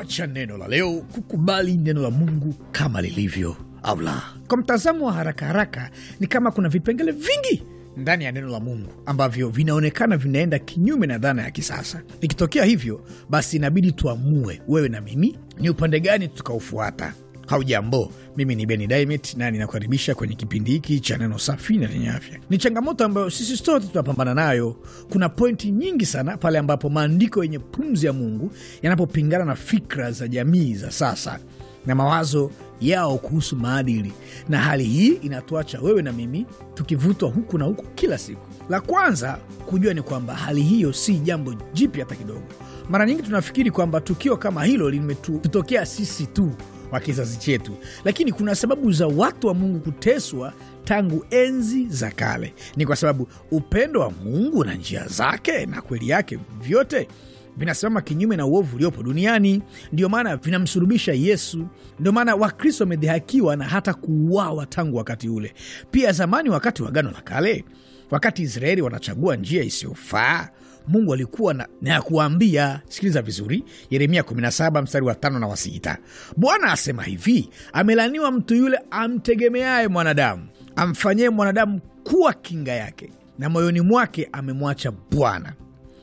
Kichwa cha neno la leo: kukubali neno la Mungu kama lilivyo au la. Kwa mtazamo wa haraka haraka, ni kama kuna vipengele vingi ndani ya neno la Mungu ambavyo vinaonekana vinaenda kinyume na dhana ya kisasa. Ikitokea hivyo, basi inabidi tuamue, wewe na mimi, ni upande gani tukaufuata. Haujambo, mimi ni Beni Dimet na ninakukaribisha kwenye kipindi hiki cha neno safi na lenye afya. Ni changamoto ambayo sisi sote tunapambana nayo. Kuna pointi nyingi sana pale ambapo maandiko yenye pumzi ya Mungu yanapopingana na fikra za jamii za sasa na mawazo yao kuhusu maadili, na hali hii inatuacha wewe na mimi tukivutwa huku na huku kila siku. La kwanza kujua ni kwamba hali hiyo si jambo jipya hata kidogo. Mara nyingi tunafikiri kwamba tukio kama hilo limetutokea sisi tu wa kizazi chetu, lakini kuna sababu za watu wa Mungu kuteswa tangu enzi za kale. Ni kwa sababu upendo wa Mungu na njia zake na kweli yake vyote vinasimama kinyume na uovu uliopo duniani. Ndiyo maana vinamsulubisha Yesu. ndio maana Wakristo wamedhihakiwa na hata kuuawa tangu wakati ule. Pia zamani, wakati wa gano la Kale, Wakati Israeli wanachagua njia isiyofaa, Mungu alikuwa na, ya kuwambia Sikiliza vizuri, Yeremia 17 mstari wa tano na wa sita. Bwana asema hivi, amelaniwa mtu yule amtegemeaye mwanadamu, amfanyie mwanadamu kuwa kinga yake, na moyoni mwake amemwacha Bwana,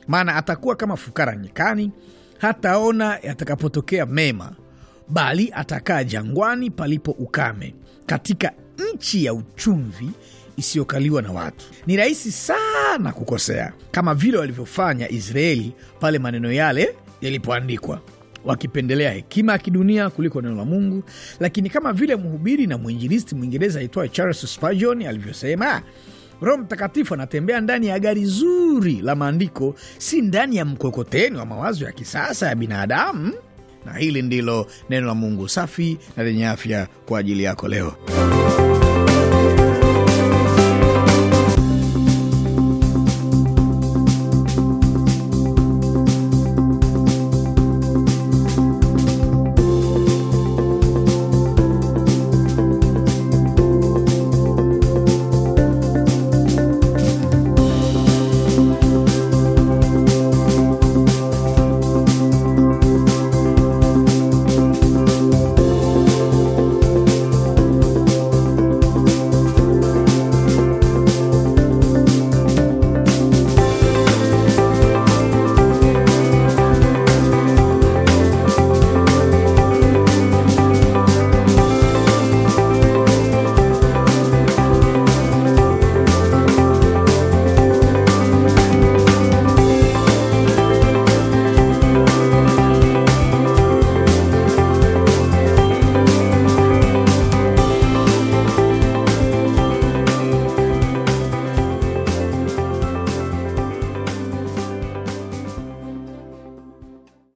maana atakuwa kama fukara nyikani, hataona yatakapotokea mema, bali atakaa jangwani palipo ukame, katika nchi ya uchumvi isiyokaliwa na watu. Ni rahisi sana kukosea, kama vile walivyofanya Israeli pale maneno yale yalipoandikwa wakipendelea hekima ya kidunia kuliko neno la Mungu. Lakini kama vile mhubiri na mwinjilisti Mwingereza aitwaye Charles Spurgeon alivyosema, Roho Mtakatifu anatembea ndani ya gari zuri la maandiko, si ndani ya mkokoteni wa mawazo ya kisasa ya binadamu. Na hili ndilo neno la Mungu safi na lenye afya kwa ajili yako leo.